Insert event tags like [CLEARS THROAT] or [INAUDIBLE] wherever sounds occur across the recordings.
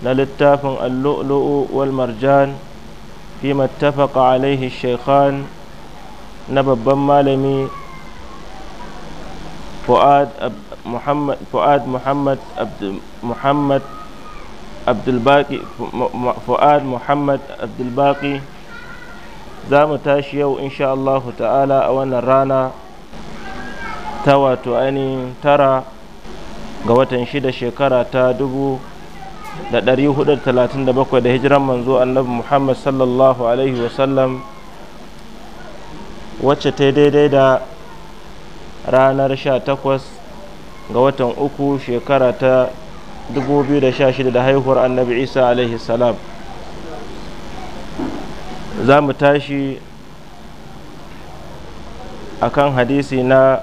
na littafin allu'lu'u wal marjan fi mattafaqa alaihi shaykhan na babban malami fu'ad muhammad muhammad abdulbaki fu'ad muhammad abdulbaki za mu tashi yau insha Allah ta'ala a wannan rana ta wato ainihin tara ga watan shida shekara ta dubu da 437 da hijiran manzo annabi muhammad sallallahu alaihi wasallam wacce ta daidai da ranar 18 ga watan uku shekara ta 2016 da haihuwar annabi isa alaihi salam za mu tashi akan hadisi na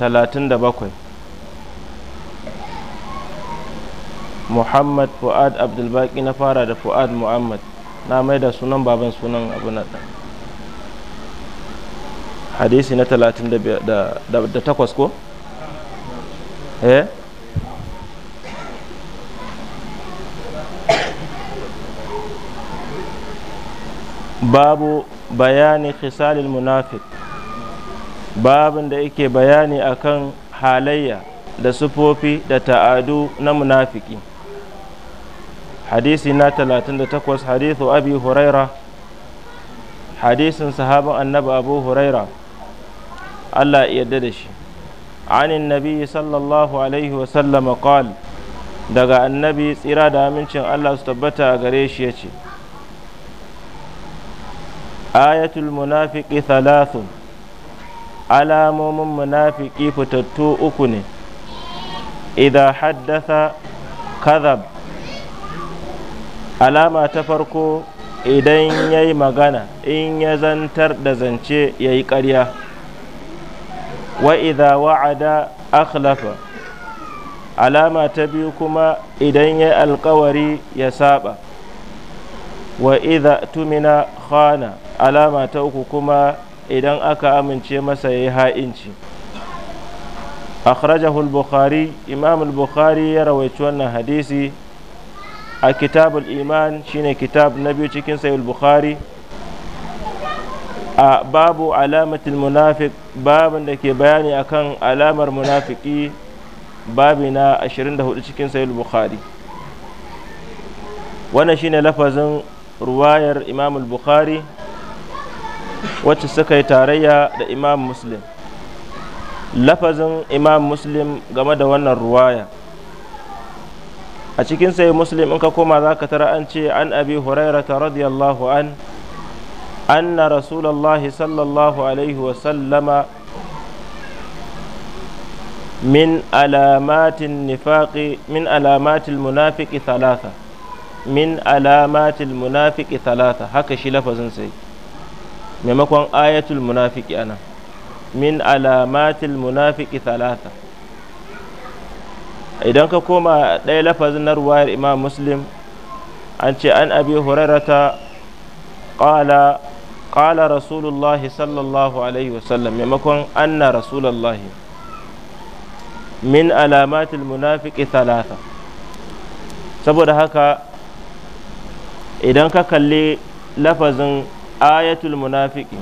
37 muhammad fu'ad abdulbaki na fara da fu'ad muhammad na mai da sunan baban sunan abu na ɗan hadisi na talatin da takwas ko? eh? babu bayani khisalil munafik babin da yake bayani akan halayya da sufofi da ta'adu na munafiki hadisi na 38 hadithu abi huraira hadisin sahabin annabi abu huraira Allah yadda da shi anin nabi sallallahu alaihi wasallama qal daga annabi tsira da amincin Allah su tabbata a gare shi ya ce ayatul munafiki thalathun alamomin munafiki fitattu uku ne idan haddasa kazab alama ta farko idan ya yi magana in ya zantar da zance ya yi ƙarya wa idha wa'ada akhlafa alama ta biyu kuma idan ya alkawari ya saba wa idha tumina khana alama ta uku kuma idan aka amince masa ya yi ha'inci akhrajahu al-bukhari imam bukhari ya rawaici wannan hadisi a kitabul iman shine kitab na biyu cikin sayul bukhari a babu alamatul munafik babin da ke bayani akan alamar munafiki babi na 24 cikin sayul bukhari wannan shine lafazin ruwayar imam bukhari wacce suka yi tarayya da imam muslim lafazin imam muslim game da wannan ruwaya a cikin sai muslim in ka koma za ka tara an ce an abi hurairata radiyallahu an anna rasulallah sallallahu alaihi wasallama min alamatin nifaqi min alamatil munafiki thalatha min alamatin munafiki talata haka shi lafazin sai maimakon ayatul munafiki ana min alamatin munafiki talata. idan ka koma ɗaya lafazin na ruwayar imam muslim an ce an abi hurairata ƙala ƙala rasulullahi sallallahu alaihi wasallam maimakon anna rasulullahi min alamatul munafiki talata saboda haka idan ka kalli lafazin ayatul munafiki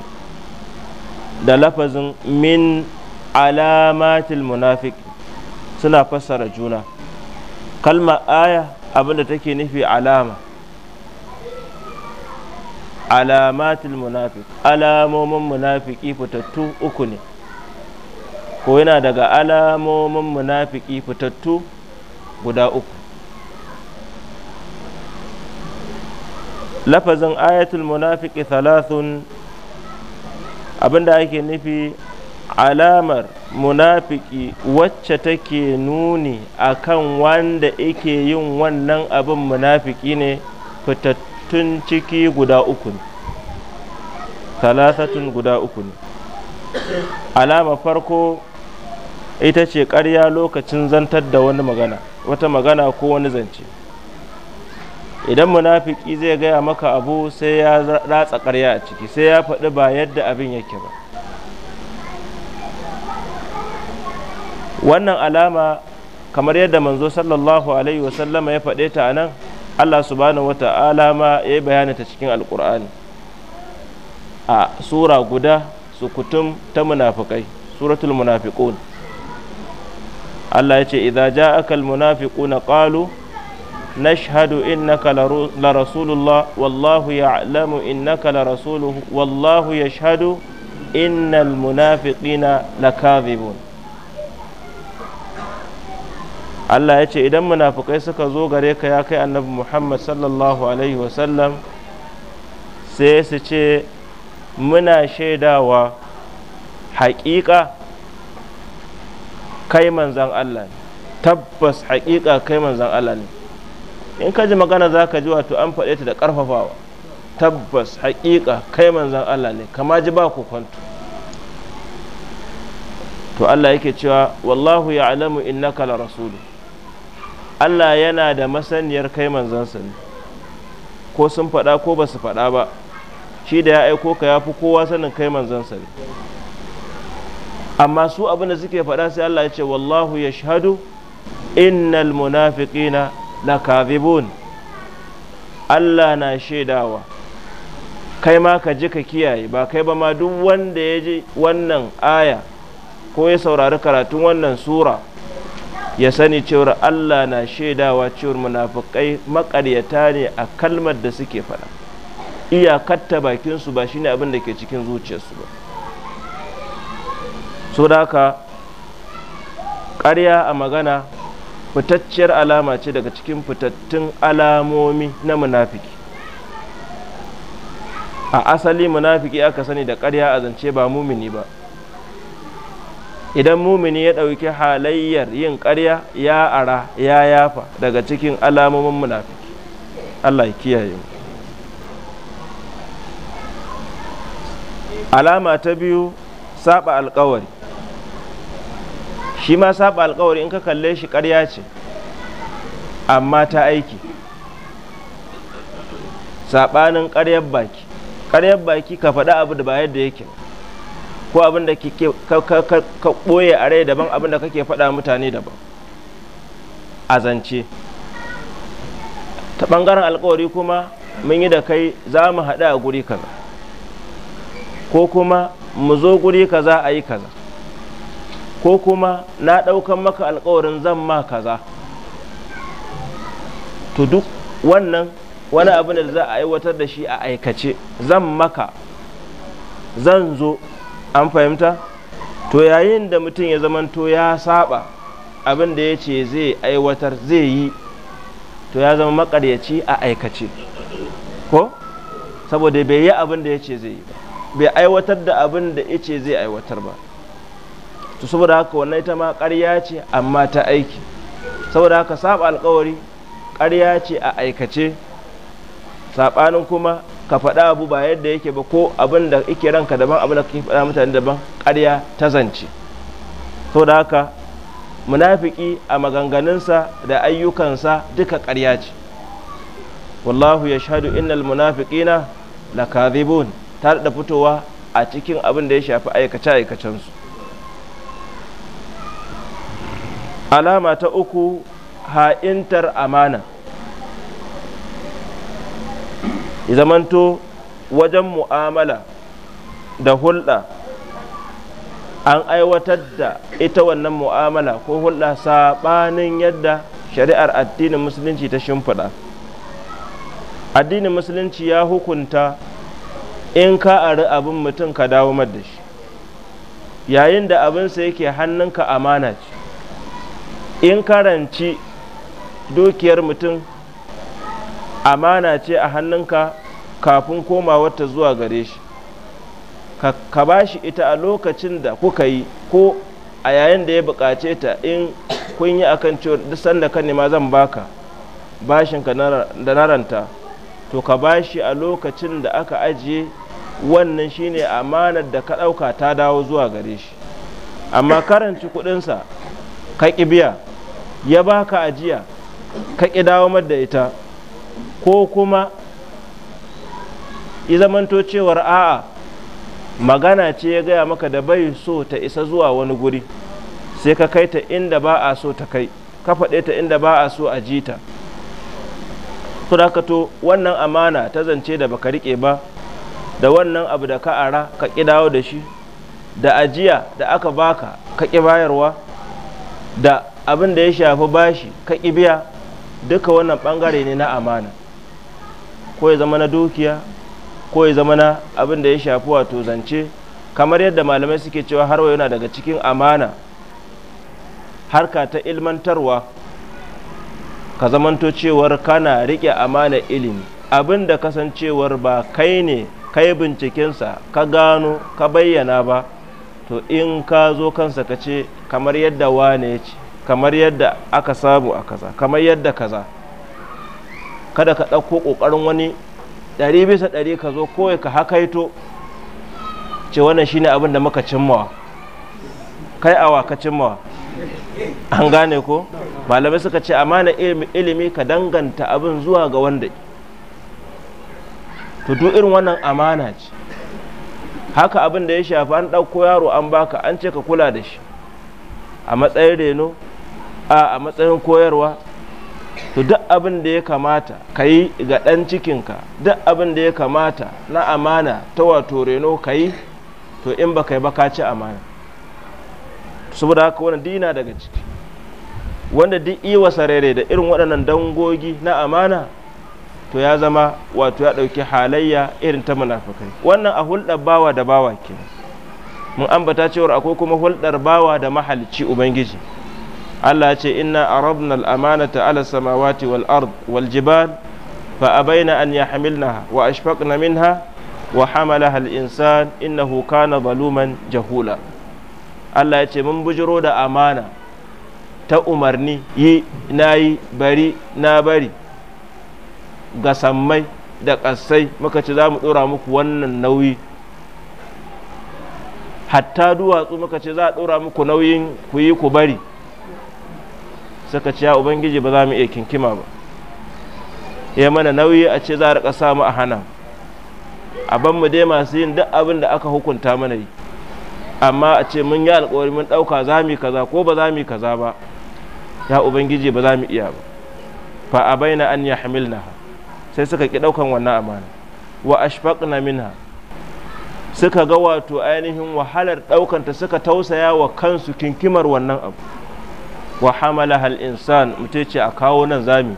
da lafazin min alamatil munafiki suna fassara juna kalma aya abinda take nufi alama alamatul munafik alamomin munafiki fitattu uku ne ko yana daga alamomin munafiki fitattu guda uku lafazin ayatul munafiki thalathun abinda ake nufi alamar munafiki wacce take nuni akan wanda yake yin wannan abin munafiki ne fitattun ciki guda uku ne talatatun guda uku ne alama farko ita ce ƙarya lokacin zantar da wani magana wata magana ko wani zance idan munafiki zai gaya maka abu sai ya ratsa karya a ciki sai ya faɗi ba yadda abin yake ba wannan alama kamar yadda manzo sallallahu alaihi wasallama ya faɗe ta nan Allah subhanahu wa ta'ala ma ya yi bayani ta cikin alkur'ani a sura guda sukutum ta munafikai suratul munafiqun Allah ya ce idza ja'aka almunafiquna qalu nashhadu innaka la rasulullah wallahu ya'lamu innaka la rasuluhu wallahu yashhadu innal munafiqina lakadhibun Allah ya ce idan munafukai suka zo gare ka ya kai annabi Muhammad sallallahu alaihi wasallam sai su ce muna shaidawa haƙiƙa kai manzan Allah ne tabbas haƙiƙa kai manzan Allah ne in ka ji magana za ka ji wato an faɗe ta da ƙarfafawa tabbas haƙiƙa kai manzan Allah ne kama ji ba ku kwanto to Allah yake cewa wallahu ya alamu innaka la rasulu Allah yana da masaniyar kai manzansa ne ko sun faɗa ko ba su faɗa ba shi da ya aiko ka ya fi kowa sanin kai manzansa ne amma su abin da suke faɗa sai Allah ya ce wallahu ya shahadu innal munafiqina lakazibun Allah na shaidawa kai ma ka ji ka kiyaye ba kai ba ma duk wanda ya ji wannan aya ko ya saurari karatun wannan sura ya sani cewar Allah na shaidawa cewar munafukai makaryata ne a kalmar da suke faɗa iyakatta bakinsu ba shine abin da ke cikin zuciyarsu ba so da haka ƙarya a magana fitacciyar alama ce daga cikin fitattun alamomi na munafiki a asali munafiki aka sani da karya a zance ba mumini ba idan mumini ya ɗauki halayyar yin ƙarya ya ara ya yafa daga cikin alamomin munafiki Allah ya kiyaye mu alama ta biyu saba alkawari shi ma saba alkawari in ka kalle shi ƙarya ce amma ta aiki saɓanin ƙaryar baki ƙaryar baki ka faɗi abu da ba yadda yake ba ko abin da ka ɓoye a rai daban abin da kake faɗa mutane daban a zance ta ɓangaren alkawari kuma mun yi da kai za mu haɗu a guri kaza ko kuma mu zo guri kaza a yi kaza ko kuma na ɗaukan maka alkawarin zan ma kaza to duk wannan wani abin da za a aiwatar da shi a aikace zan maka zan zo an fahimta to yayin da mutum ya to ya saba abin da ya ce zai aiwatar zai yi to ya zama makaryaci a aikace ko saboda bai yi abin da ya ce zai yi ba bai aiwatar da abin da ya ce zai aiwatar ba to saboda haka wannan ita ma ƙarya ce amma ta aiki saboda haka saba alkawari ƙarya ce a aikace saɓanin kuma ka faɗa abu ba yadda yake ba ko abin da ike ranka daban abin da kake faɗa mutane daban ƙarya ta zance da haka munafiki a maganganunsa da ayyukansa duka ƙarya ce wallahu ya shahadu innal munafiqina lakadhibun ta da fitowa a cikin abin da ya shafi aikace aikacen su. alama ta uku ha'intar amana ya wajen mu'amala da hulɗa an aiwatar da ita wannan mu'amala ko hulɗa saɓanin yadda shari'ar addinin musulunci ta shimfiɗa addinin musulunci ya hukunta in ka ari abin mutum ka dawo da shi yayin da abinsa yake hannunka amana ce in karanci dukiyar mutum amana ce a hannunka kafin komawarta zuwa gare shi ka ba shi ita a lokacin da kuka yi ko a yayin da ya bukace ta in kun yi akan cewa duk sanda kan nema zan baka bashinka da naranta to ka ba shi a lokacin da aka ajiye wannan shine amanar da ka ɗauka ta dawo zuwa gare shi amma karanci kuɗinsa ka ƙi biya ya baka ajiya ka ƙi dawo da ita ko kuma zamanto cewar a'a magana ce ya gaya maka da bai so ta isa zuwa wani guri sai ka kai ta inda ba a so ta kai ka faɗe ta inda ba a so a ji ta to wannan amana ta zance da baka riƙe ba da wannan abu da ka ara ka ƙi dawo da shi da ajiya da aka baka ka ƙi bayarwa da abin da ya shafi bashi ka ƙi biya duka wannan ɓangare ne na amana ko ya zama na dukiya ko ya zama na abin da ya shafi wato zance kamar yadda malamai suke cewa har yana daga cikin amana harka ta ilmantarwa ka zamanto cewar kana rike amana ilimi abin da kasancewar ba kai ne kai bincikensa ka gano ka bayyana ba to in ka zo kansa ka ce kamar yadda wane ya ce kamar yadda aka samu a kaza kamar yadda kaza kada ka ɗauko ƙoƙarin wani ɗari bisa ɗari ka zo kowai ka hakaito ce wannan shine abin da muka cimmawa kai awa ka cimmawa an gane ko malamai suka ce amana ilimi ka danganta abin zuwa ga wanda to duk irin wannan amana ce haka abin da ya shafi an ɗauko yaro an baka an ce ka kula da shi a matsayin reno a a matsayin koyarwa to duk abin da ya kamata ka yi ga ɗan cikinka duk abin da ya kamata na amana ta wato reno ka yi to in ba ka yi ba ci amana saboda haka wani dina daga ciki wanda duk iwa sarere da irin waɗannan dangogi na amana to ya zama wato ya ɗauki halayya irin ta munafukai wannan a hulɗar bawa da bawa ke mun ambata cewar akwai kuma hulɗar bawa da mahalicci ubangiji Allah ce inna arabna al-amanata ala samawati wal ard wal jibal fa abaina an yahmilnaha wa ashfaqna minha wa hamalaha al-insan innahu kana zaluman jahula Allah ya ce mun bujiro da amana ta umarni yi nayi bari na bari ga sammai da ƙasai muka ce za mu ɗora muku wannan nauyi hatta duwatsu muka ce za a ɗora muku nauyin ku yi ku bari suka ce ya ubangiji ba za mu iya kinkima ba ya mana nauyi a ce za a rika samu a hana a ban mu dai masu yin duk abin da aka hukunta mana yi amma a ce mun yi alkawari mun ɗauka za mu kaza ko ba za mu kaza ba ya ubangiji ba za mu iya ba fa a baina an ya hamilna sai suka ki ɗaukan wannan amana wa ashfaqna minha suka ga wato ainihin wahalar ɗaukanta suka tausaya wa kansu kinkimar wannan abu wa hamala hal insan mutum ce a kawo nan zami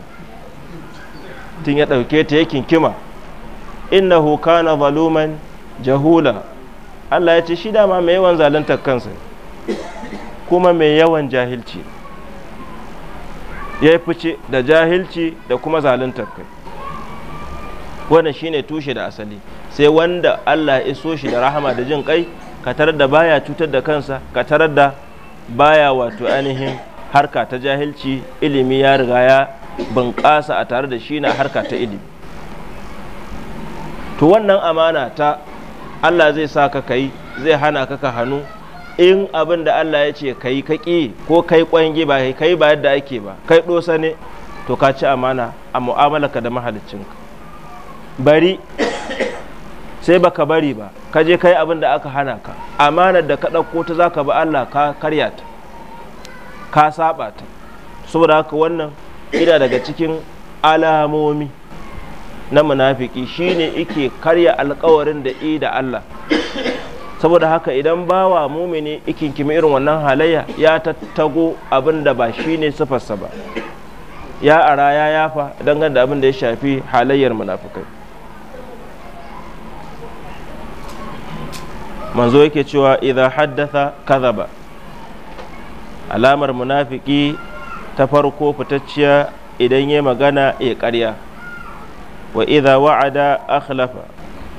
tun ya ɗauke ta ya kinkima innahu kana zaluman jahula Allah ya ce shi dama mai yawan zaluntar kansa kuma mai yawan jahilci ya yi fice da jahilci da kuma zaluntar kai wannan shine tushe da asali sai wanda Allah ya iso shi da rahama da jin kai ka tarar da baya cutar da kansa ka tarar da baya wato ainihin harka ta jahilci ilimi ya riga ya bunƙasa a tare da shi na harka ta ilimi to wannan amana ta Allah zai sa ka kai zai hana ka ka hannu in abin da Allah ya ce kai ka ƙi ko kai ƙwangi ba kai ba yadda ake ba kai ɗosa ne to ka ci amana a mu'amalarka da mahaliccinka bari sai baka bari ba ka je kai abin da aka hana ka amanar da ka ɗauko ta ka bi Allah ka karya ka saba ta saboda haka wannan ina daga cikin alamomi na munafiki shine ike karya alkawarin da i da Allah saboda haka idan bawa mumini ikin kimi irin wannan halayya ya tattago abin da ba shine sifarsa ba ya ara ya yafa dangane da abin da ya shafi halayyar munafikai manzo yake cewa idza haddatha kadhaba alamar munafiki ta farko fitacciya idan ya magana ya karya wa idha wa'ada akhlafa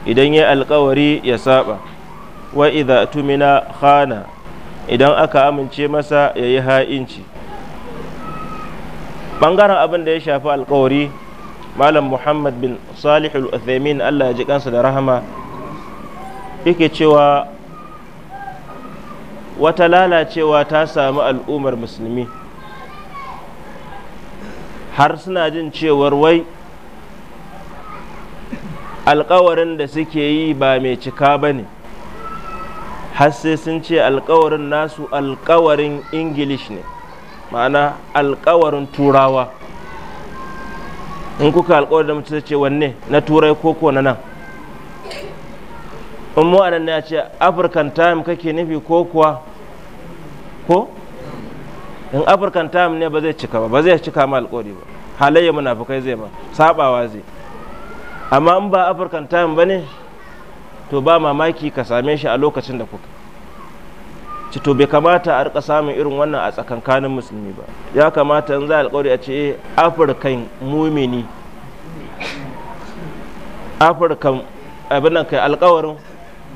idan ya alkawari ya saba wa idha tumina khana idan aka amince masa ya yi ha'inci ɓangaren abin da ya shafi alkawari malam muhammad bin salihul uthaymin allah ya ji kansa da rahama yake cewa wata lalacewa ta samu al'ummar musulmi har suna jin cewar wai alkawarin da suke yi ba mai cika ba ne har sai sun ce alkawarin nasu alkawarin ingilish ne ma'ana alkawarin turawa in kuka alkawarin da mutu ce wanne na turai koko na nan in mu nan ce african time kake nufi ko kuwa ko in african time ne ba zai cika ba ba zai cika ma alkodi ba halayya munafukai zai ba sabawa zai amma in ba african time ba ne to ba mamaki ka same shi a lokacin da kuka ci to bai kamata a rika samun irin wannan a tsakankanin musulmi ba ya kamata in za alƙawari a ce eh, african mumini african abin nan kai alƙawarin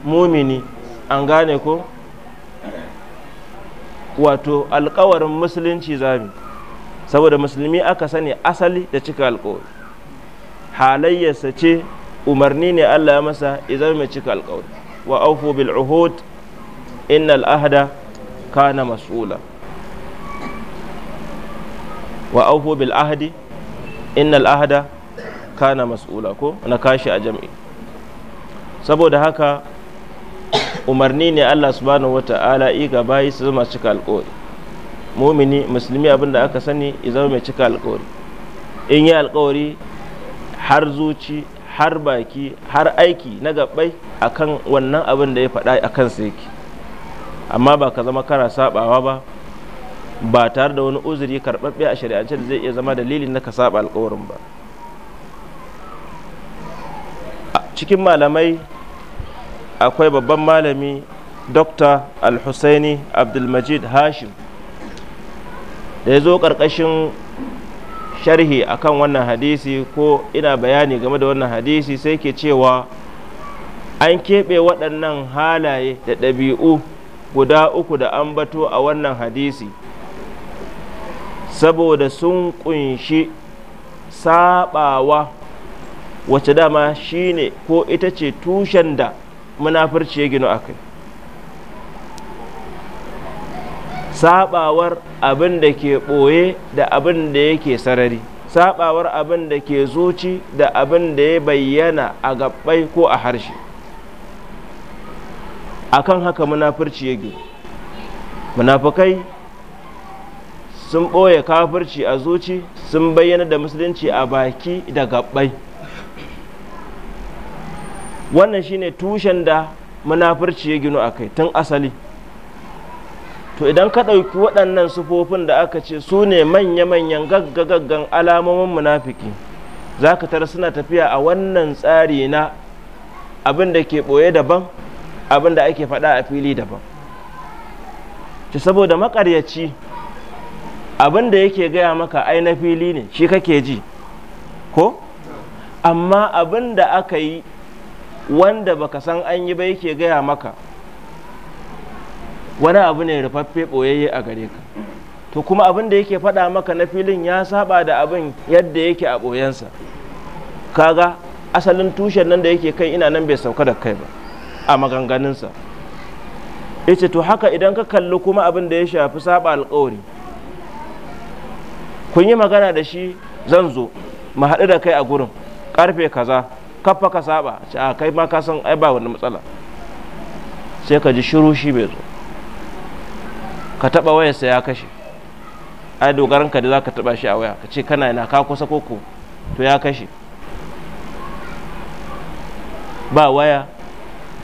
mumini an gane ko wato alkawarin musulunci zami saboda musulmi aka sani asali da cika alkawari halayyarsa ce umarni ne Allah ya masa idan mai cika alkawari wa aufu bil uhud innal ahda kana mas'ula wa aufu bil innal ahda kana mas'ula ko na kashi a jam'i saboda haka umarni ne Allah subhanahu wata'ala I ga bayi su zama cika alƙawari mumini musulmi abin da aka sani ya zama mai cika alƙawari in yi alƙawari har zuci har baki har aiki na gabbai akan wannan abin da ya faɗa a kansa yake amma ba ka zama kana sabawa ba ba tare da wani uzuri karɓaɓɓe a shari'ance da zai iya zama dalilin na ka saba alƙawarin ba cikin malamai akwai babban malami dr al abdulmajid hashim da ya zo ƙarƙashin sharhi akan wannan hadisi ko ina bayani game da wannan hadisi sai ke cewa an keɓe waɗannan halaye da ɗabi'u guda uku da an bato a wannan hadisi saboda sun ƙunshi saɓawa wacce dama shine ko ita ce tushen da munafurci ya gino a kai sabawar abin da ke ɓoye da abin da yake sarari sabawar abin da ke zuci da abin da ya bayyana a gabbai ko a harshe akan haka munafurci ya gino munafukai sun ɓoye kafirci a zuci sun bayyana da musulunci a baki da gabbai wannan shine tushen da munafurci ya gino a kai tun asali to idan ka ɗauki waɗannan sufofin da aka ce su ne manya-manyan gaggagaggan alamomin munafiki za ka tara suna tafiya a wannan tsari na abin da ke ɓoye daban abin da ake faɗa a fili daban ci saboda maƙaryaci abin da yake gaya maka ai na fili ne shi kake ji ko amma abin da aka yi wanda baka san an yi ba yake gaya maka wani abu ne rufaffe ɓoyayye a gare ka to kuma abin da yake faɗa maka na filin ya saba da abin yadda yake a ɓoyensa kaga asalin tushen nan da yake kai ina nan bai sauka da kai ba a maganganunsa yace to haka idan ka kalli kuma abin da ya shafi saba alkawari kun yi magana da shi zan zo mu haɗu da kai a gurin ƙarfe kaza kafa ka saba ce a kai ma ka san ai ba wani matsala sai ka ji shiru shi bai zo ka taba wayarsa ya kashe ai dogaran ka da za ka taba shi a waya ka ce kana yana ka kusa koko to ya kashe ba waya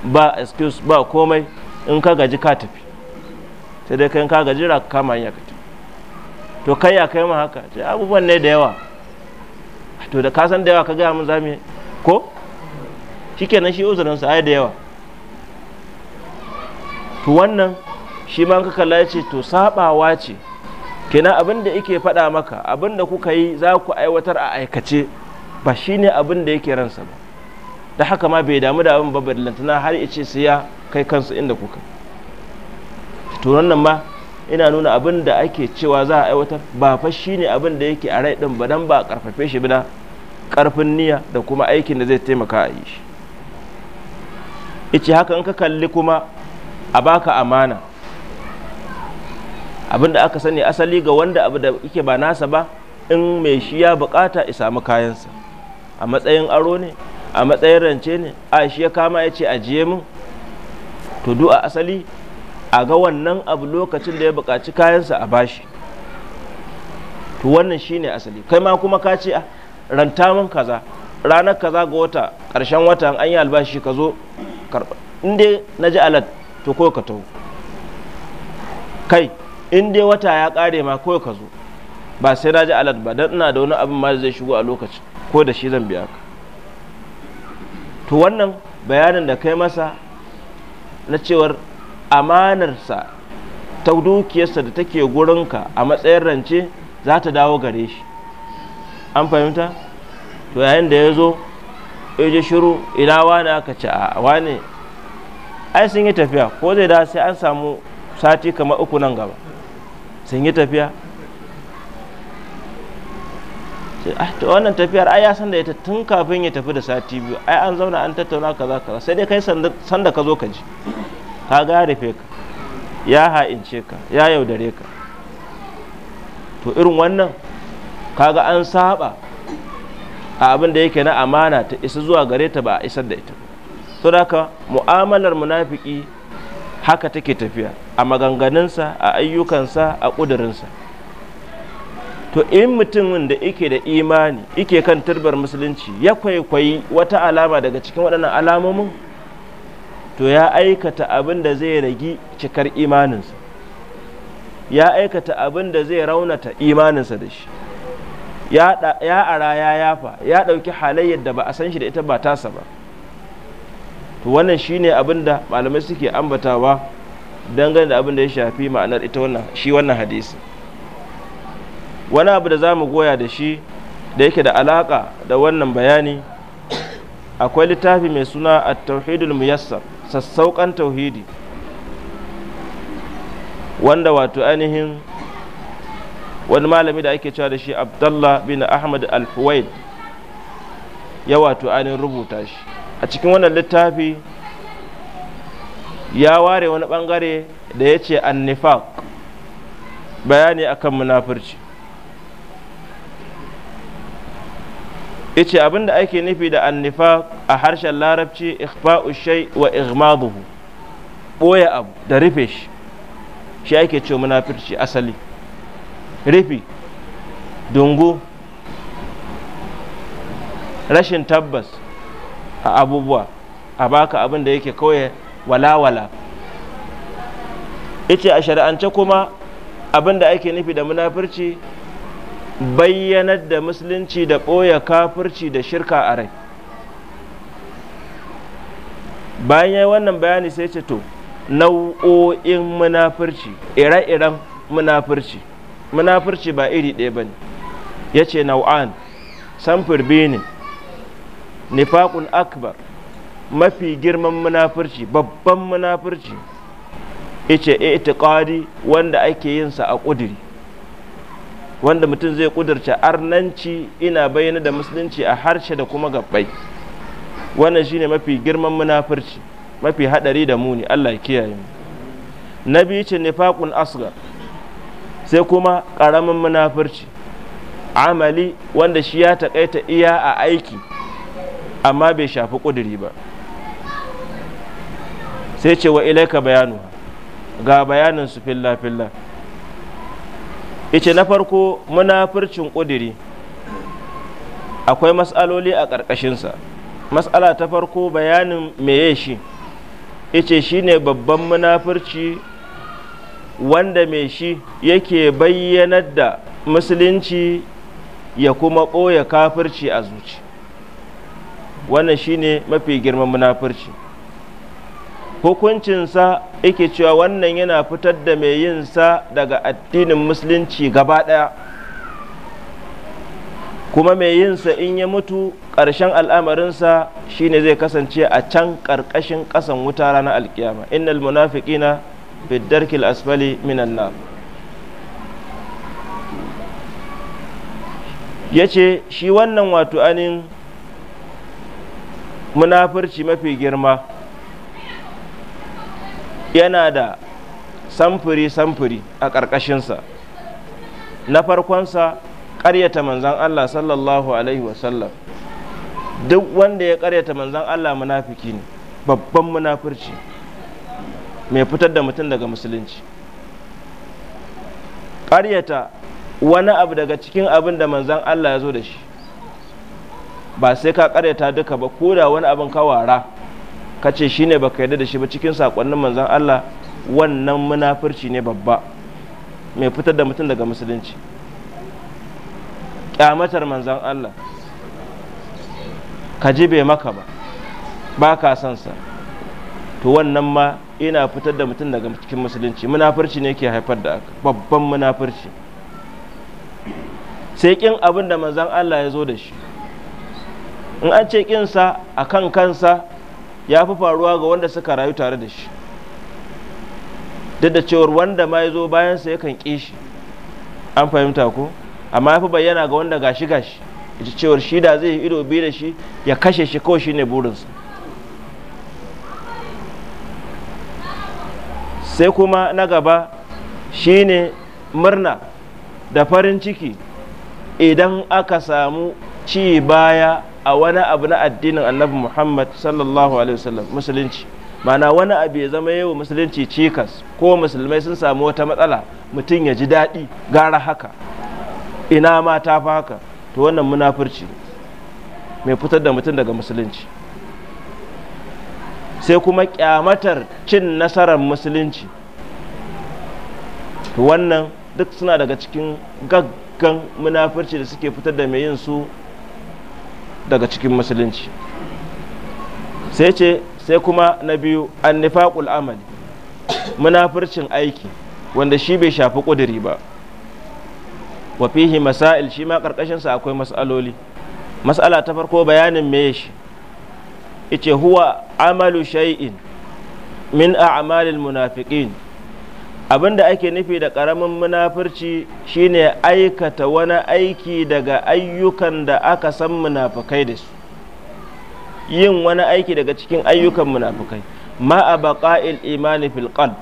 ba excuse ba komai in ka gaji ka tafi sai dai kai ka gaji ra ka kama hanya ka tafi to kai ya kai ma haka ce abubuwan ne da yawa to da ka san da yawa ka gaya mun zamu ko kenan shi uzurin sa da yawa to wannan shi ma ka kalla ce to sabawa ce kenan abin da yake faɗa maka abin da kuka yi za ku aiwatar a aikace ba shine abin da yake ransa ba da haka ma bai damu da abin ba lantana har ya ce su ya kai kansu inda kuka to wannan ma ina nuna abin da ake cewa za a aiwatar ba fa ne abin da yake a rai din ba dan ba karfafe shi ba ƙarfin niyya da kuma aikin da zai taimaka a yi shi ice haka in ka kalli kuma a baka amana abinda aka sani asali ga wanda abu da yake ba nasa ba in mai shi ya bukata ya samu kayansa a matsayin aro ne a matsayin rance ne a shi ya kama ya ce ajiye min to du a asali a ga wannan abu lokacin da ya bukaci kayansa a bashi to wannan shine asali kai ma kuma ka ce a ah, ranta min kaza ranar kaza ga wata ƙarshen wata an yi albashi ka zo karɓa in na ji alat to ko ka taho kai inda wata ya ƙare ma ko ka zo ba sai na ji alat ba don ina da wani abin ma zai shigo a lokaci ko da shi zan biya ka to wannan bayanin da kai masa na cewar amanarsa ta dukiyarsa da take gurinka a matsayin rance za ta dawo gare shi an fahimta to yayin da ya zo ya ji shiru ila wani aka ci a wani ai sun yi tafiya ko zai da sai an samu sati kamar uku nan gaba sun yi tafiya ah, to wannan tafiyar ai ya san da ita tun kafin ya tafi da sati biyu ai an zauna an tattauna kaza kaza sai dai kai sanda ka zo ka ji ka ga rufe ka ya ha'ince ka ya yaudare ka to irin wannan kaga an saba a abin da yake na amana ta isa zuwa gare ta ba a isar da ita to haka mu'amalar munafiki haka take tafiya a maganganunsa a ayyukansa a ƙudurinsa to in mutumin da ike da imani ike kan turbar musulunci ya kwaikwayi wata alama daga cikin waɗannan alamomin to ya aikata abin da zai ragi cikar imaninsa ya aikata abin da zai raunata imaninsa da shi ya ara ya yafa ya ɗauki halayyar da ba a san shi da ita ba tasa ba to wannan shine abin malamai suke ambatawa dangane da abin ya shafi ma'anar ita wannan shi wannan hadisi wani abu da za mu goya da shi da yake da alaka da wannan bayani akwai littafi mai suna a tauhidul muyassar sassauƙan tauhidi wanda wato ainihin wani malami da ake cewa da shi abdallah bin ahmad al-huwaid ya wato ainihin rubuta shi a cikin wannan littafi ya ware wani bangare da ya ce annifaq bayani akan munafurci ce abinda ake nufi da annifa a harshen larabci ikhfa'u shay wa ighmaduhu boye abu da rufe shi shi ake ce munafurci asali rufi dungu rashin tabbas a abubuwa a baka abin da yake kawai walawala ita a shari'ance kuma abin da ake nufi da munafurci bayyanar da musulunci da ɓoye kafirci da shirka a rai bayan yayi wannan bayani sai ce to nau'o'in munafurci ire-iren munafurci munafurci ba iri ɗaya ba ne ya ce nau'an samfur biyu ne nifaƙun akbar mafi girman munafurci babban munafurci ice itiqadi wanda ake yin sa a ƙudiri wanda mutum zai ƙudurce arnanci ina bayyana da musulunci a harshe da kuma gabbai wannan shi ne mafi girman munafurci mafi haɗari da muni Allah ya kiyaye mu na biyu ce nifakun asghar sai kuma ƙaramin munafurci amali wanda shi ya taƙaita iya a aiki amma bai shafi ƙuduri ba sai ce wa ilaika bayanu ga bayanin su filla-filla ice na farko munafurcin ƙuduri akwai matsaloli a ƙarƙashinsa matsala ta farko bayanin meye shi ice shine babban munafurci wanda mai shi yake bayyanar da musulunci ya kuma ɓoye kafirci a zuci wannan shine mafi girman munafurci hukuncinsa yake cewa wannan yana fitar da mai yinsa daga addinin musulunci gaba ɗaya kuma mai yinsa in ya mutu ƙarshen al'amarinsa shine zai kasance a can ƙarƙashin ƙasan wuta ranar alkiyama innal munafiqina fi asfale asfali minan nar yace shi wannan wato anin munafurci mafi girma yana da samfuri-samfuri a ƙarƙashinsa na farkonsa ƙaryata manzan Allah sallallahu Alaihi wasallam duk wanda ya ƙaryata manzan Allah munafiki ne babban munafurci mai fitar da mutum daga musulunci ƙaryata wani abu daga cikin abin da manzan Allah ya zo da shi ba sai ka ƙaryata duka ba ko da wani abin kawara ka ce shi ne baka yarda da shi ba cikin saƙonnin manzan Allah wannan munafurci ne babba mai fitar da mutum daga musulunci ƙyamatar manzan Allah ka ji bai maka ba ba ka son to wannan ma ina fitar da mutum daga cikin musulunci munafurci ne ke haifar da babban munafurci sai kin abin da manzan Allah ya zo da shi in an ce kinsa a kan kansa ya fi faruwa ga wanda suka rayu tare da shi duk da cewar wanda ma ya zo bayansa ya kan shi an fahimta ko amma ya fi bayyana ga wanda gashi gashi ita cewar shi da zai yi ido biyu da shi ya kashe shi kawai shi ne burinsa sai kuma na gaba shine murna da farin ciki idan aka samu ci baya a wani abu na addinin annabi muhammad sallallahu alaihi wasallam musulunci mana wani abu ya zama yau musulunci cikas ko musulmai sun samu wata matsala mutum ya ji daɗi gara haka ina ma ta fi haka to wannan munafurci mai fitar da mutum daga musulunci sai kuma kyamatar cin nasarar musulunci wannan duk suna daga cikin gaggan munafurci da suke fitar da mai su daga cikin musulunci sai ce sai kuma na biyu an nifaƙul amali munafurcin aiki wanda shi bai shafi ƙudiri ba wa fihi masail shi ma ƙarƙashinsa akwai matsaloli matsala ta farko bayanin me shi ice huwa amalu shay'in min a'malil munafiqin abinda ake nufi da karamin munafurci shine aikata wani aiki daga ayyukan da aka san munafukai da su yin wani aiki daga cikin ayyukan munafukai ma a baƙa'il imani fil qalb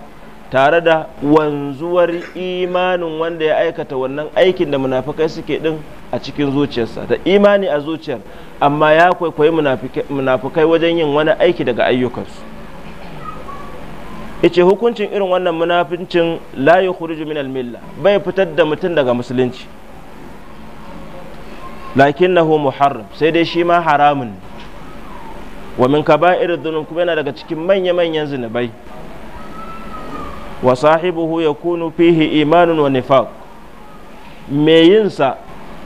tare da wanzuwar imanin wanda ya aikata wannan aikin da munafikai suke din a cikin zuciyarsa da imani a zuciyar amma ya kwaikwayi munafukai wajen yin wani aiki daga ayyukansu ice hukuncin irin wannan munafincin layu yukhruju min al-milla bai fitar da mutum daga musulunci lakin lakinnahu muharram sai dai shi ma haramun wa min kaba'ir dhunub kuma yana daga cikin manya-manyan zinubai wa sahibuhu kunu fihi imanun wa nifaq me sa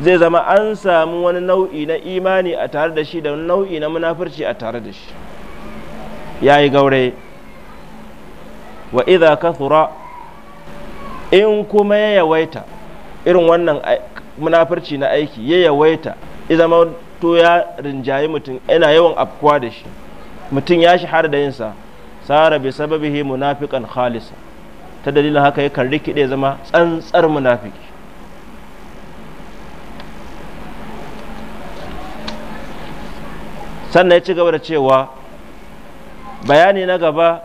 zai zama an samu wani nau'i na imani a tare da shi da nau'i na munafurci a tare da shi ya yi gaure wa idha kathura in kuma ya yawaita irin wannan munafurci na aiki ya yawaita zama to ya rinjayi mutum yana yawan afkuwa da shi mutum ya shahara da yinsa sara bi sababihi munafiqan khalisa ta dalilin haka ya kan rikide zama tsantsar munafiki sannan ya ci gaba da cewa bayani na gaba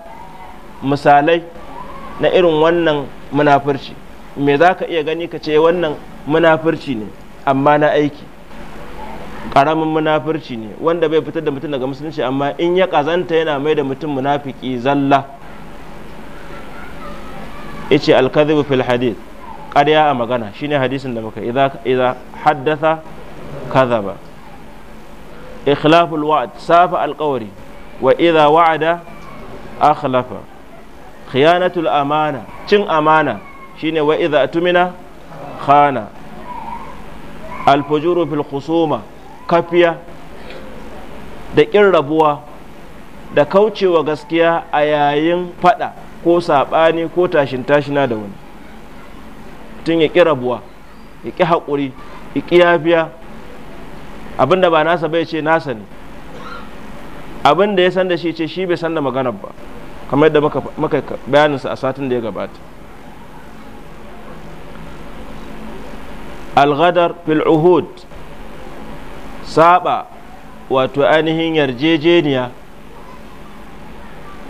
misalai na irin wannan munafurci me za ka iya gani ka ce wannan munafurci ne amma na aiki ƙaramin munafurci ne wanda bai fitar da mutum daga musulunci amma in ya ƙazanta yana mai da mutum munafiki zalla yace al-kadhibu fil hadith ƙarya a magana shine hadisin da muka idza idza haddatha kadhaba ikhlaful wa'd safa alqawri wa idza wa'ada akhlafa khiyanatul amana cin amana shine wa idza atumina khana alfujuru fil khusuma kafiya da kin rabuwa da kaucewa gaskiya a yayin fada ko saɓani ko tashin tashina da wani tun ya ƙi rabuwa ya ƙi haƙuri ya ƙi yafiya abinda ba nasa bai ce nasa ne abinda ya san da shi ce shi bai san da maganar ba kamar yadda muka bayaninsa a satin da ya gabata alghadar fil uhud saba wato ainihin yarjejeniya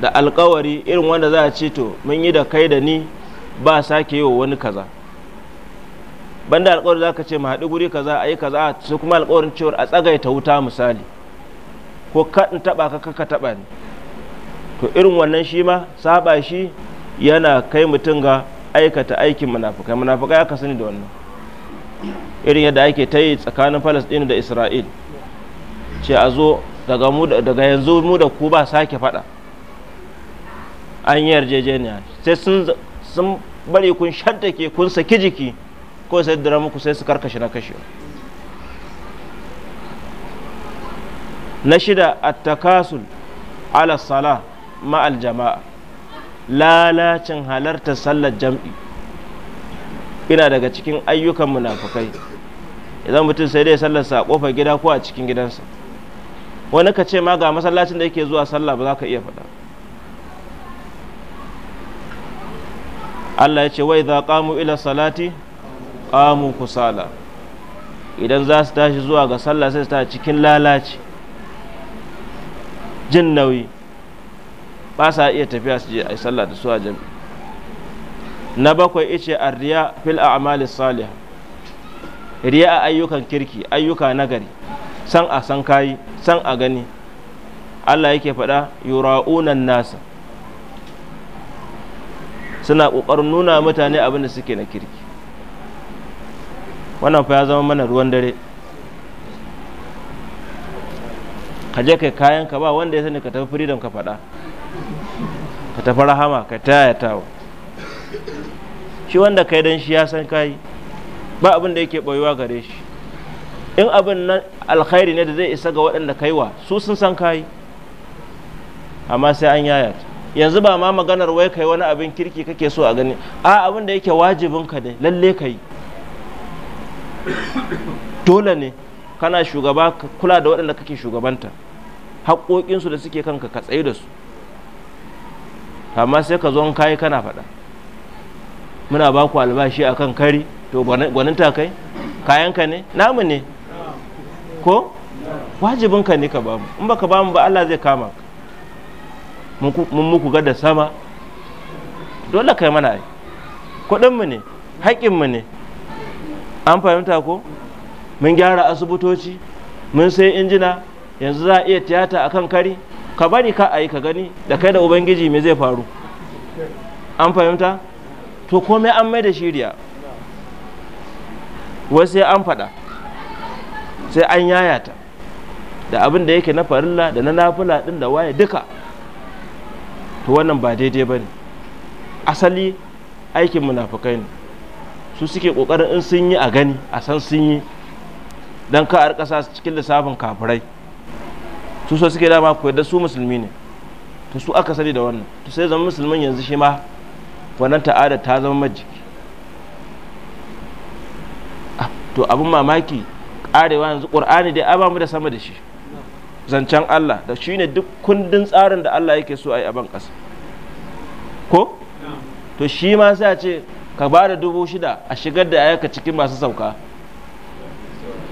da alkawari irin wanda za a ce to mun yi da kai da ni ba sake yi wa wani kaza banda alkawari za ka ce mu haɗu guri kaza a yi kaza a su kuma alkawarin cewar a tsagaita wuta misali ko ka in taɓa ka kaka taɓa ni to irin wannan shi ma saɓa shi yana kai mutum ga aikata aikin munafukai munafukai aka sani da wannan irin yadda ake ta yi tsakanin Falasɗin da isra'il ce a zo daga yanzu mu da ku ba sake faɗa an yi yarjejeniya sai sun bari kun ke kun saki jiki ko sai dira muku sai su karkashe na kashe na shida a ala sala ma'al jama'a lalacin halartar sallar jam'i ina daga cikin ayyukan munafukai idan mutum sai dai sallar a kofar gida ko a cikin gidansa wani ka ce ma ga masallacin da yake zuwa sallah ba za ka iya faɗa Allah ya ce wai za qamu ila salati qamu kusala idan za su tashi zuwa ga sallah sai su tashi cikin lalaci jin nauyi ba sa iya tafiya su je a sallah da su a jami na bakwai ice arriya fil a'mali salih riya a ayyukan kirki ayyuka nagari san a san kayi san a gani Allah yake faɗa yura'unan nasa suna ƙoƙarin nuna mutane abin da suke na kirki wannan fa ya zama mana ruwan dare ka je kai kayan ka ba wanda ya sani ka tafi freedom ka faɗa ka tafi rahama ka taya tawo shi wanda kai dan shi ya san kai ba abin da yake boyuwa gare shi in abin nan alkhairi ne da zai isa ga waɗanda kaiwa su sun san kai amma sai an yayata yanzu ba ma maganar wai kai wani abin kirki kake so a gani a abin da yake wajibin ka ne lalle kai dole ne kana shugaba kula da waɗanda kake shugabanta haƙoƙinsu da suke kanka ka tsaye da su amma sai ka zo kayi kana faɗa muna ba ku albashi a kan kari to gwaninta kai kayanka ne namu ne ko wajibinka ne ka bamu in baka bamu ba Allah zai kama ka mun muku da sama dole kai mana ai mu ne mu ne an fahimta ko mun gyara asibitoci mun sai injina yanzu za a iya tiyata a kan kari ka bari ka ayi ka gani da kai da ubangiji me zai faru an fahimta to komai an mai da shirya wai sai an faɗa sai an yayata da abin da yake na farilla da na nafula ɗin da waye duka to wannan ba daidai ba ne asali aikin munafukai ne su suke kokarin in sun yi a gani a san sun yi don ka a ƙasa cikin lissafin kafirai su so suke dama ku da su musulmi ne to su aka sani da wannan to sai zama musulmin yanzu shi ma wannan ta'ada ta zama majiki ah, to abin mamaki karewa yanzu ƙur'ani dai a mu da sama da shi zancen Allah da shi ne duk kundin tsarin da Allah yake so a yi a ban ƙasa ko to shi ma sai a ce ka ba da dubu shida a shigar da ayyuka cikin masu sauka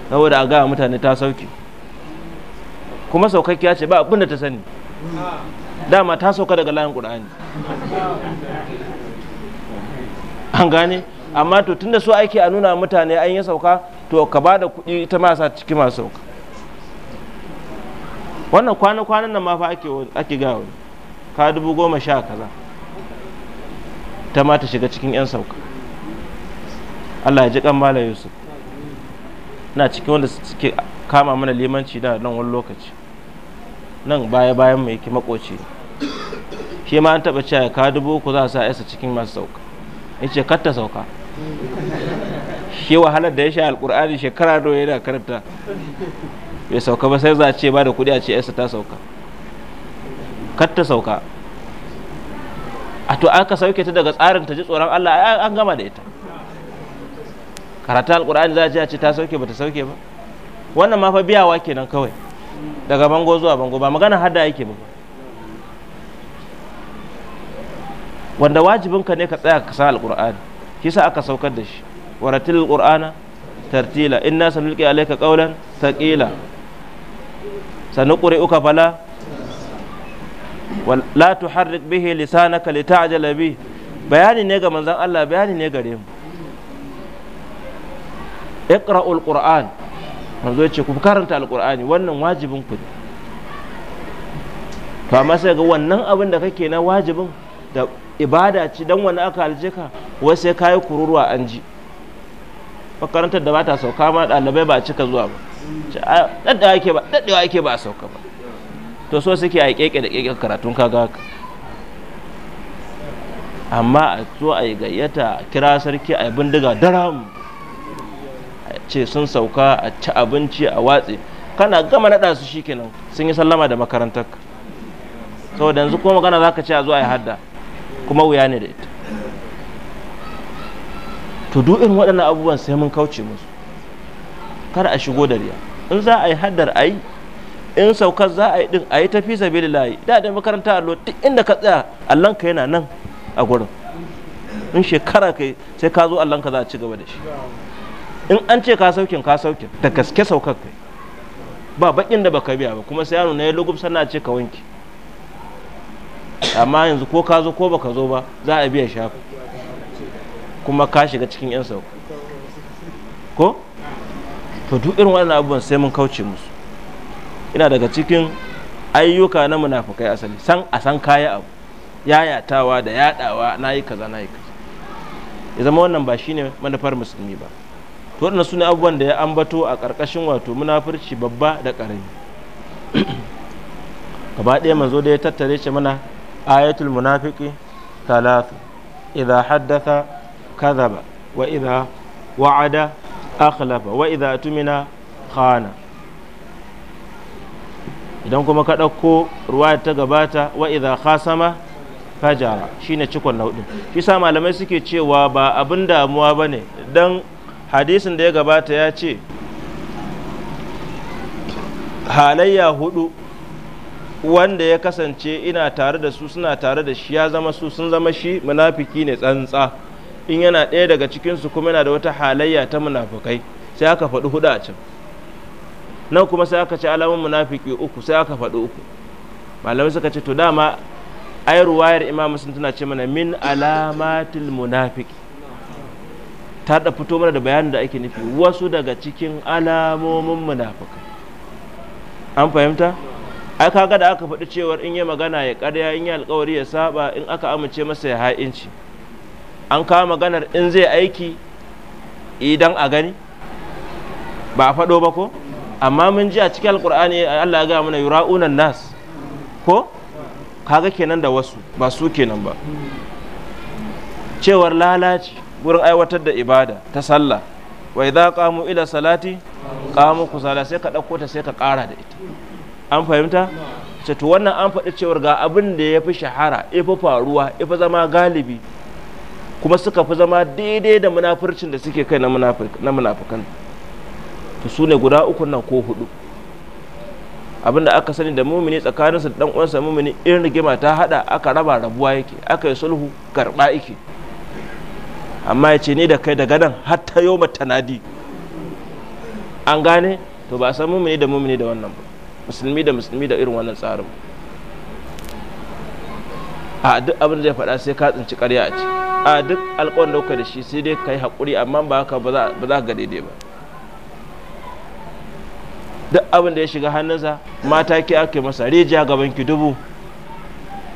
saboda a gaya mutane ta sauki kuma ya ce ba abin da ta sani dama ta sauka daga layin ƙur'ani an gane amma to tunda so aiki a nuna mutane an yi sauka to ka ba da kuɗi ita masa cikin masu sauka wannan kwana-kwanan nan ma fa ake gawo ka dubu goma sha kaza ta ma ta shiga cikin 'yan sauka Allah ya ji kan Malam Yusuf na cikin wanda suke kama mana limanci da nan wani lokaci nan baya bayan mai yake makoci shi ma an taba cewa ka dubu ku za sa yasa cikin masu sauka yace kar ta sauka shi wahalar da ya sha alkur'ani shekara da ya karanta bai sauka ba sai za a ce ba da kuɗi a ce yarsa ta sauka kar ta sauka a to aka sauke ta daga tsarin ta ji tsoron Allah an gama da ita karatu alkur'ani za a ce ta sauke ba ta sauke ba wannan ma fa biyawa kenan kawai daga bango zuwa bango ba magana har da yake ba wanda wajibin ka ne ka tsaya ka san alkur'ani kisa aka saukar da shi waratil qur'ana tartila inna sanulqi alayka qawlan thaqila sanuqri'uka fala la tuharrik bihi lisanaka lita'jala bi bayani ne ga manzon Allah bayani ne gare mu iqra'ul qur'an manzo ya ce ku karanta alqur'ani wannan wajibin ku to amma sai ga wannan abin da kake na wajibin da ibada ci don wani aka halje ka wai sai kayi kururuwa an ji makarantar da ba ta sauka ma ɗalibai ba cika zuwa ba daddawa ake ba ba sauka ba to so suke a keke da keke karatun kaga ka amma a zo a yi gayyata a kira sarki a yi bindiga daram a ce sun sauka a ci abinci a watse kana gama naɗa su shi kenan sun yi sallama da makarantar saboda yanzu kuma magana za ka ce a zo a yi hadda kuma wuya ne da ita to duk irin waɗannan abubuwan sai mun kauce musu kar a shigo da riya in za a yi haddar a yi in saukar za a yi din a yi tafi sabi layi da da makaranta allo duk inda ka tsaya allon ka yana nan a gurin in shekara kai sai ka zo allon ka za a ci gaba da shi in an ce ka saukin ka saukin da gaske saukar kai ba bakin da baka biya ba kuma sai yaro na ya lugub sannan ce ka wanke amma yanzu ko ka zo ko baka zo ba za a biya shafi kuma ka shiga cikin 'yan sauka ko to duk irin waɗannan abubuwan sai mun kauce musu ina daga cikin ayyuka na munafukai asali san a san kaya abu yayatawa da yadawa na yi kaza na yi kaza ya zama wannan ba shine manufar musulmi ba to waɗannan su ne abubuwan da ya ambato a ƙarƙashin wato munafurci babba da ƙarami [CLEARS THROAT] gaba ɗaya manzo da ya tattare shi mana ayatul munafiki talatu idza haddatha kadhaba wa idha wa'ada akhlafa wa idha tumina khana idan kuma ka ɗauko ruwa ta gabata wa idha khasama fajara shine cikon nau'in shi sa malamai suke cewa ba abin damuwa ba ne dan hadisin da ya gabata ya ce halayya hudu wanda ya kasance ina tare da su suna tare da shi ya zama su sun zama shi munafiki ne tsantsa in yana ɗaya daga cikinsu kuma yana da wata halayya ta munafukai sai aka faɗi hudu a can nan kuma sai aka ci alamun munafiki uku sai aka faɗi uku malamai suka ce to dama ai ruwayar imamu sun tana ce mana min alamatil munafiki ta da fito mana da bayanin da ake nufi wasu daga cikin alamomin munafukai an fahimta ai kaga da aka faɗi cewar in yi magana ya ƙarya in yi alkawari ya saba in aka amince masa ya ha'inci an kawo maganar in zai aiki idan a gani ba a faɗo ba ko amma mun ji a cikin alkur'ani Allah ya ga mana yura'unan nas ko kaga kenan da wasu ba su kenan ba cewar lalaci wurin aiwatar da ibada ta sallah wai za kamu ila salati qamu kusala sai ka dauko ta sai ka ƙara da ita an fahimta ce to wannan an faɗi cewar ga abin da ya fi shahara ya fi faruwa ya zama galibi kuma suka fi zama daidai da munafurcin da suke kai na munafukan to su ne guda uku nan ko hudu abinda aka sani da mumini tsakaninsa da dan uwansa mumini irin rigima ta hada aka raba rabuwa yake aka yi sulhu karba yake amma ya ce ni da kai daga nan har ta yau tanadi an gane to ba san mumini da mumini da wannan ba musulmi da musulmi da irin wannan tsarin a duk abin da ya faɗa sai ka tsinci ƙarya a ci a duk alƙawar da kuka da shi sai dai ka yi haƙuri amma ba haka ba za ka ga daidai ba duk abin da ya shiga hannunsa mata ki ake masa rijiya gaban ki dubu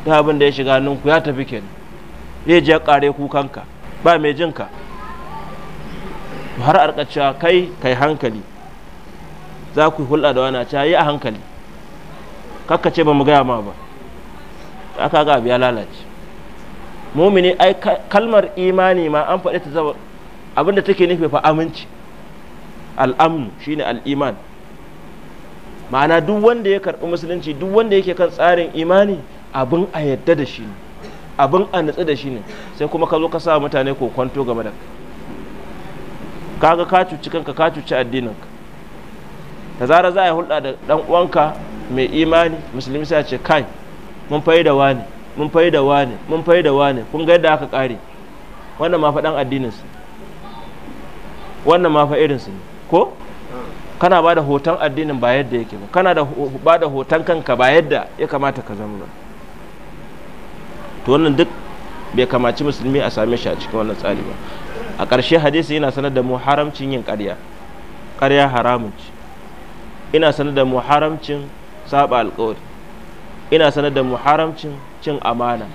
duk abin da ya shiga hannunku ya tafi kenan rijiya ƙare kukanka ba mai jin jinka har cewa kai kai hankali za ku hulɗa da wani a yi a hankali ce ba mu gaya ma ba aka ga abu ya lalace mumini ai kalmar imani ma an faɗi ta zama abinda take nufi fa aminci al'amnu shine al'iman ma'ana duk wanda ya karɓi musulunci duk wanda yake kan tsarin imani abin a yadda da shi ne abin a natsu da shi ne sai kuma ka zo ka sa mutane ko kwanto game da kaga ka cuci kanka ka cuci addininka ta zara za a yi hulɗa da ɗan uwanka mai imani musulmi sai a ce kai mun fai da wani mun fai da wani mun fai da wani kun ga yadda aka kare wannan ma faɗan addinin su wannan ma fa irin su ne ko kana ba da hoton addinin ba yadda yake ba kana da ba da hoton kanka ba yadda ya kamata ka zama ba to wannan duk bai kamaci musulmi a same shi a cikin wannan tsari ba a ƙarshe hadisi yana sanar da mu haramcin yin ƙarya ƙarya haramun ina sanar da mu haramcin saba alƙawari ina sanar da muharamcin cin amana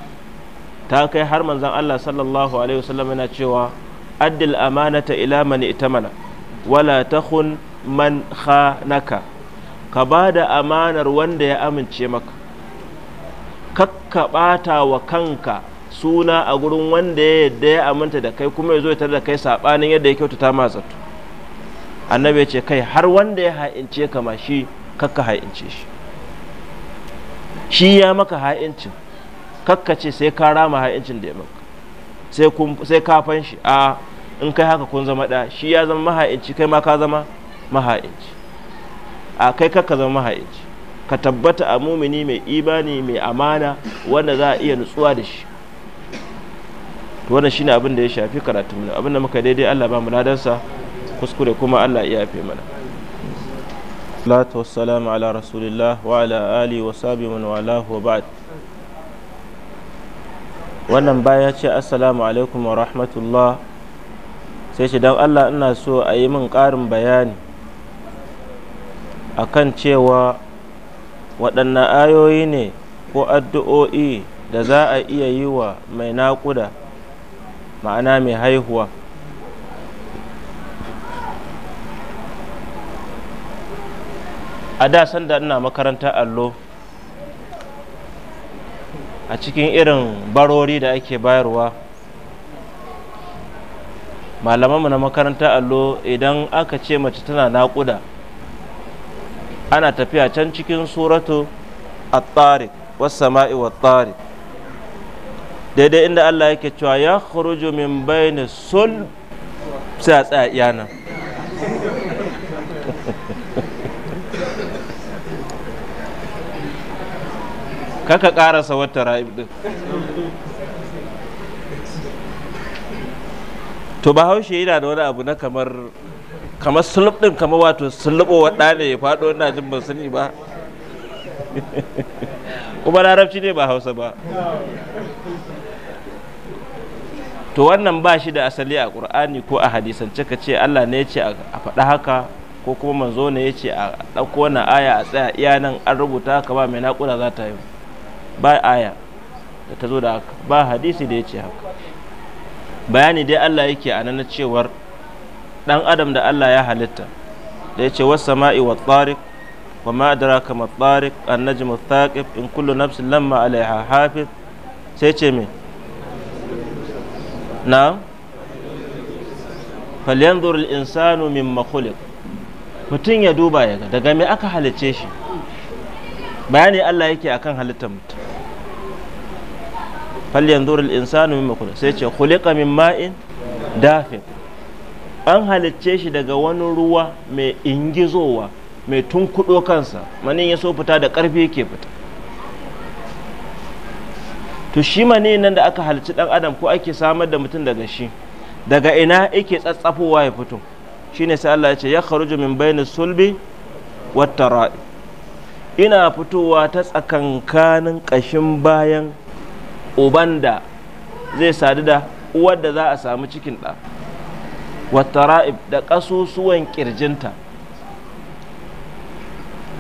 ta kai har manzon Allah sallallahu alaihi wasallam yana cewa addil ta ila ita mana wala takhun man khanaka ka ba da amanar wanda ya amince maka kakka ɓata wa kanka suna a gurin wanda ya yadda ya aminta da kai kuma ya zo tare da kai saɓanin yadda ya kyautata ma zato annabi ya ce kai har wanda ya ha'ince ka ma shi kakka ha'ince shi shi ya maka ha'incin kakkace sai ka rama ha'incin da ya maka sai ka fanshi a in kai haka kun zama ɗaya shi ya zama maha'inci kai ma ka zama maha'inci a kai kakka zama maha'inci ka tabbata a mumini mai imani mai amana wanda za a iya nutsuwa da shi Wanda wannan shine abin da ya shafi karatu abin da muka daidai Allah ba mu ladansa kuskure kuma Allah iya fi mana salatu salam ala rasulillah wa ala ali wa sabi wa ba'd wannan baya ce assalamu alaikum wa rahmatullah sai shi don Allah ina so a yi min ƙarin bayani A kan cewa waɗanne ayoyi ne ko addu'o'i da za a iya yi wa mai naƙuda ma'ana mai haihuwa a da sanda ina makaranta allo a cikin irin barori da ake bayarwa malamanmu na makaranta allo idan aka ce mace tana naƙuda ana tafiya can cikin suratu a tsarik wasu sama'i wa tsarik daidai inda Allah yake cewa ya khuruju min bayni sul sai a tsaya kaka karasa wata ra'ib din to ba haushe yana da wani abu na kamar kamar sulub din kamar wato sulubowar ɗa ne ya faɗo ina jin ban sani ba [LAUGHS] kuma larabci ne ba hausa ba to wannan ba shi da asali a ƙur'ani ko a hadisance ka ce allah ne ya ce a faɗa haka ko kuma manzo ne ya ce a ɗauko wannan aya a tsaya iya nan an rubuta haka ba mai naƙuda za ta yi ba aya da ta zo da haka ba hadisi da ya ce haka bayani dai Allah yake a na cewar dan adam da Allah ya halitta da ya ce wasu sama'i wa tsarik wa ma'adara kama tsarik an najmu in kullu nafsin lamma alaiha hafiz sai ce me na falyan insanu min makulik mutum ya duba ya ga daga me aka halice shi bayani Allah yake akan halittar mutum falyanzur al-insanu mimma khuliqa sai ce khuliqa min ma'in dafin an halicce shi daga wani ruwa mai ingizowa mai tunkudo kansa manin ya so fita da karfi yake fita to shi mani nan da aka halicci dan adam ko ake samar da mutum daga shi daga ina yake tsatsafowa ya fito shine sai Allah ya ce ya kharuju min bainis sulbi wat tara'i ina fitowa ta tsakankanin ƙashin bayan uban da zai sadu da uwar da za a samu cikin wata ra'ib da ƙasusuwan ƙirjinta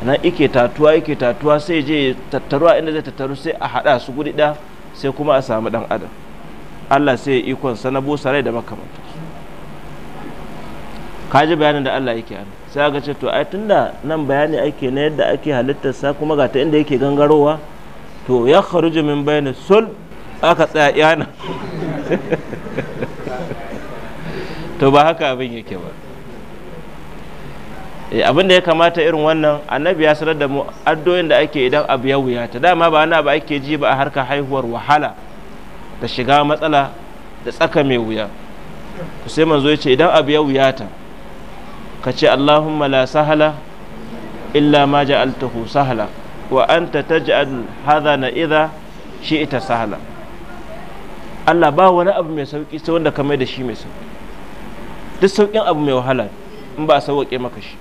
na ike tatuwa ike tatuwa sai je tattaruwa inda zai tattaru sai a haɗa su guri ɗaya sai kuma a samu ɗan adam allah sai ya ikon sanabo sarai da makamanta ka ji bayanin da Allah yake ana sai aka ce to ai tunda nan bayani ake na yadda ake sa kuma ga ta inda yake gangarowa to ya kharuju min bayani sul aka tsaya yana [LAUGHS] to ba haka abin yake ba eh, abin da ya kamata irin wannan annabi ya sanar da mu addoyin da ake idan abu ya wuyata dama ba ana ba ake ji ba a harkar haihuwar wahala da shiga matsala da tsaka mai wuya sai manzo ya ce idan abu ya wuyata ka ce Allahumma la sahala illa ma ja'altahu sahala wa anta taj'al hadha na idha ita sahala Allah ba wani abu mai sauki sai wanda ka mai da shi mai sauki duk sauƙin abu mai wahala in ba a maka shi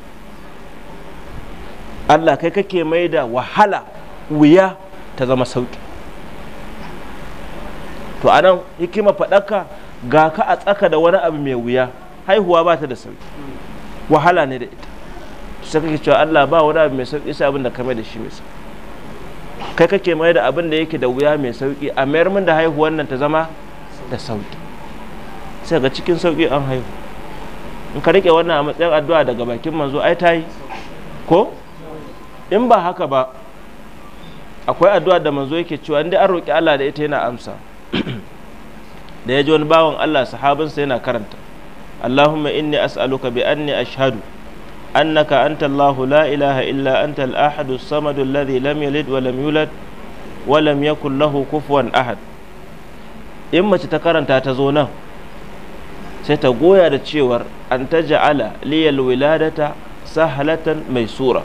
Allah kai kake mai da wahala wuya ta zama sauƙi to anan hikima faɗaka ga ka a tsaka da wani abu mai wuya haihuwa ba ta da sauƙi wahala ne da ita sai kake cewa Allah ba wani abu mai sauki sai abin da ka da shi mai sauki kai kake mai da abin da yake da wuya mai sauki a mayar min da haihuwar nan ta zama da sauki sai ga cikin sauki an haihu in ka rike wannan a matsayin addu'a daga bakin manzo ai yi, ko in ba haka ba akwai addu'a da manzo yake cewa inda an roƙi Allah da ita yana amsa [CLEARS THROAT] da ya ji wani bawan Allah sahabinsa yana karanta اللهم إني أسألك بأني أشهد أنك أنت الله لا إله إلا أنت الأحد الصمد الذي لم يلد ولم يولد ولم يكن له كفوا أحد إما تتكرن تاتزونا ستقويا تشيور أن تجعل لي الولادة سهلة ميسورة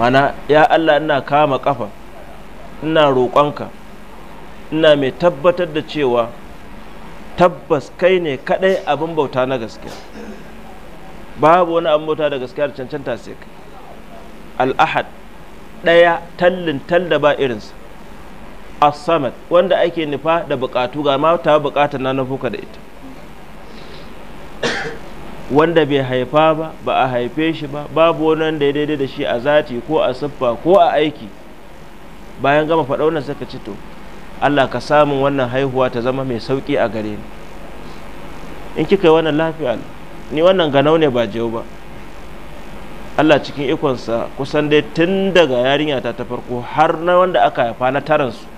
معنى يا Allah ina kama قفا ina roƙonka ina متبتد تشيور tabbas kai ne kadai abin bauta na gaskiya babu wani abin bauta da gaskiya da cancanta sai kai al'ahad ɗaya tallin talla ba irinsa a wanda ake nufa da bukatu ga ma bukatar na nufuka da ita wanda bai haifa ba ba a haife shi ba babu wani wanda ya daidai da shi a zati ko a siffa ko a aiki bayan gama faɗa wannan saka ci to Allah ka samun wannan haihuwa ta zama mai sauki a gare ni in kika yi wannan lafiya ni wannan ganau ne ba jiyau ba Allah cikin ikonsa kusan dai tun daga yarinya ta ta farko har na wanda aka haifa na taransu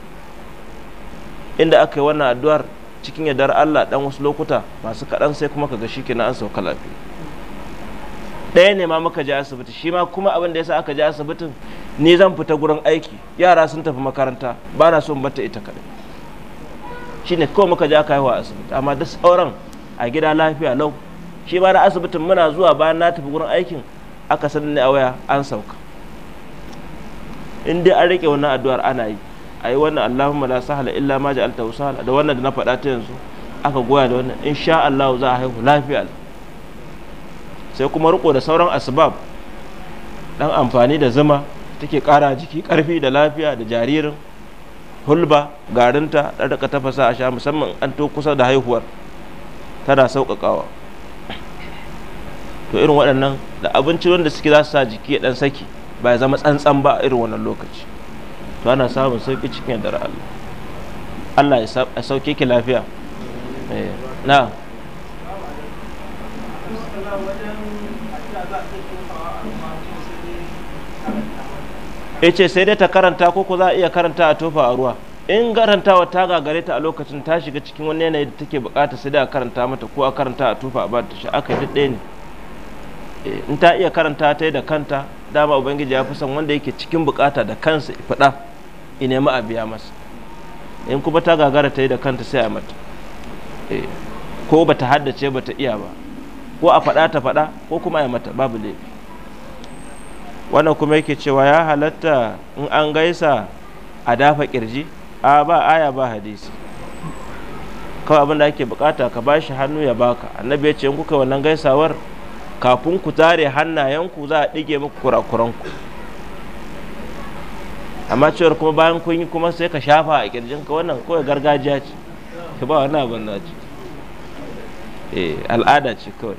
inda aka yi wannan addu'ar cikin yadar Allah dan wasu lokuta masu kaɗan sai kuma ka ga shi kenan an sauka lafiya ɗaya ne ma muka je asibiti shi ma kuma abin da yasa aka je asibitin ni zan fita gurin aiki yara sun tafi makaranta ba na son bata ita kaɗai shi ne kawai muka je aka haihuwa asibiti amma da sauran a gida lafiya lau shi ma na asibitin muna zuwa bayan na tafi gurin aikin aka sani a waya an sauka in dai an rike wannan addu'ar ana yi a yi wannan allahumma la sahala illa ma ja'altahu sahala da wannan da na faɗa ta yanzu aka goya da wannan insha Allah za a haihu lafiya lau sai kuma riko da sauran asbab dan amfani da zuma take kara jiki karfi da lafiya da jaririn hulba garinta da daga tafasa a sha musamman an to kusa da haihuwar tana sauƙaƙawa to irin waɗannan da abinci wanda suke za su sa jiki ya ɗan saki ba ya zama tsantsan ba a irin wannan lokaci to ana samun sauƙi cikin da Allah Allah ya sauke ki lafiya eh, na ya ce sai dai ta karanta ko ko za a iya karanta a tofa a ruwa in karantawa ta gagare ta a lokacin ta shiga cikin wani yanayi da take bukata sai da a karanta mata ko a karanta a tofa a ba ta shi aka yi ne eh, in ta iya karanta ta da kanta dama ubangiji ya fi son wanda yake cikin bukata da kansa faɗa in nemi a biya masa in kuma ta gagara ta yi da kanta sai a mata eh, ko ta haddace ba ta iya ba ko a faɗa ta faɗa ko kuma ya mata babu laifi wannan kuma yake cewa ya halatta in an gaisa a dafa kirji a ba aya ba hadisi kawai abin da ake bukata ka ba shi hannu ya baka annabi ya ce in kuka wannan gaisawar kafin ku tare hannayenku za a ɗige muku kurakuranku amma cewar kuma bayan kun yi kuma sai ka shafa a kirjinka wannan kawai gargajiya ce ka ba wani abin da ce eh, al'ada ce kawai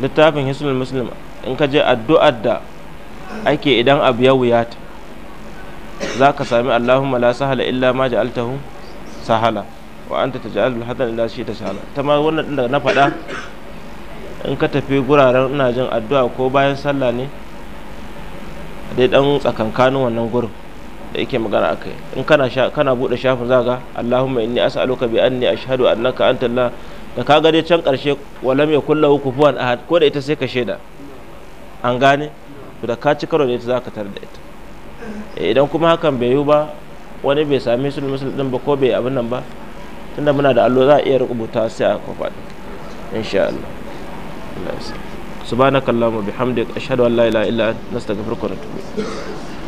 littafin hisnul muslim in ka je addu'ar da ake idan abu ya wuyata za ka sami allahumma la sahala illa ma ja'altahu sahala wa anta taj'alul hadan illa shi ta sahala ta ma wannan din da na faɗa in ka tafi guraren ina jin addu'a ko bayan sallah ne dai dan tsakankanin wannan gurin da yake magana akai in kana kana bude shafin zaga Allahumma inni as'aluka bi anni ashhadu annaka anta Allah da ka gane can ƙarshe walam ya kulla kufuwan ahad ko da ita sai ka shaida an gane to da ka ci karo da ita za ka tar da ita eh, idan kuma hakan bai yi ba wani bai sami sun musul din ba ko bai abin nan ba tunda muna da allo za a iya rubuta sai a kofa insha Allah subhanakallahumma bihamdika ashhadu an la ilaha illa anta astaghfiruka wa atubu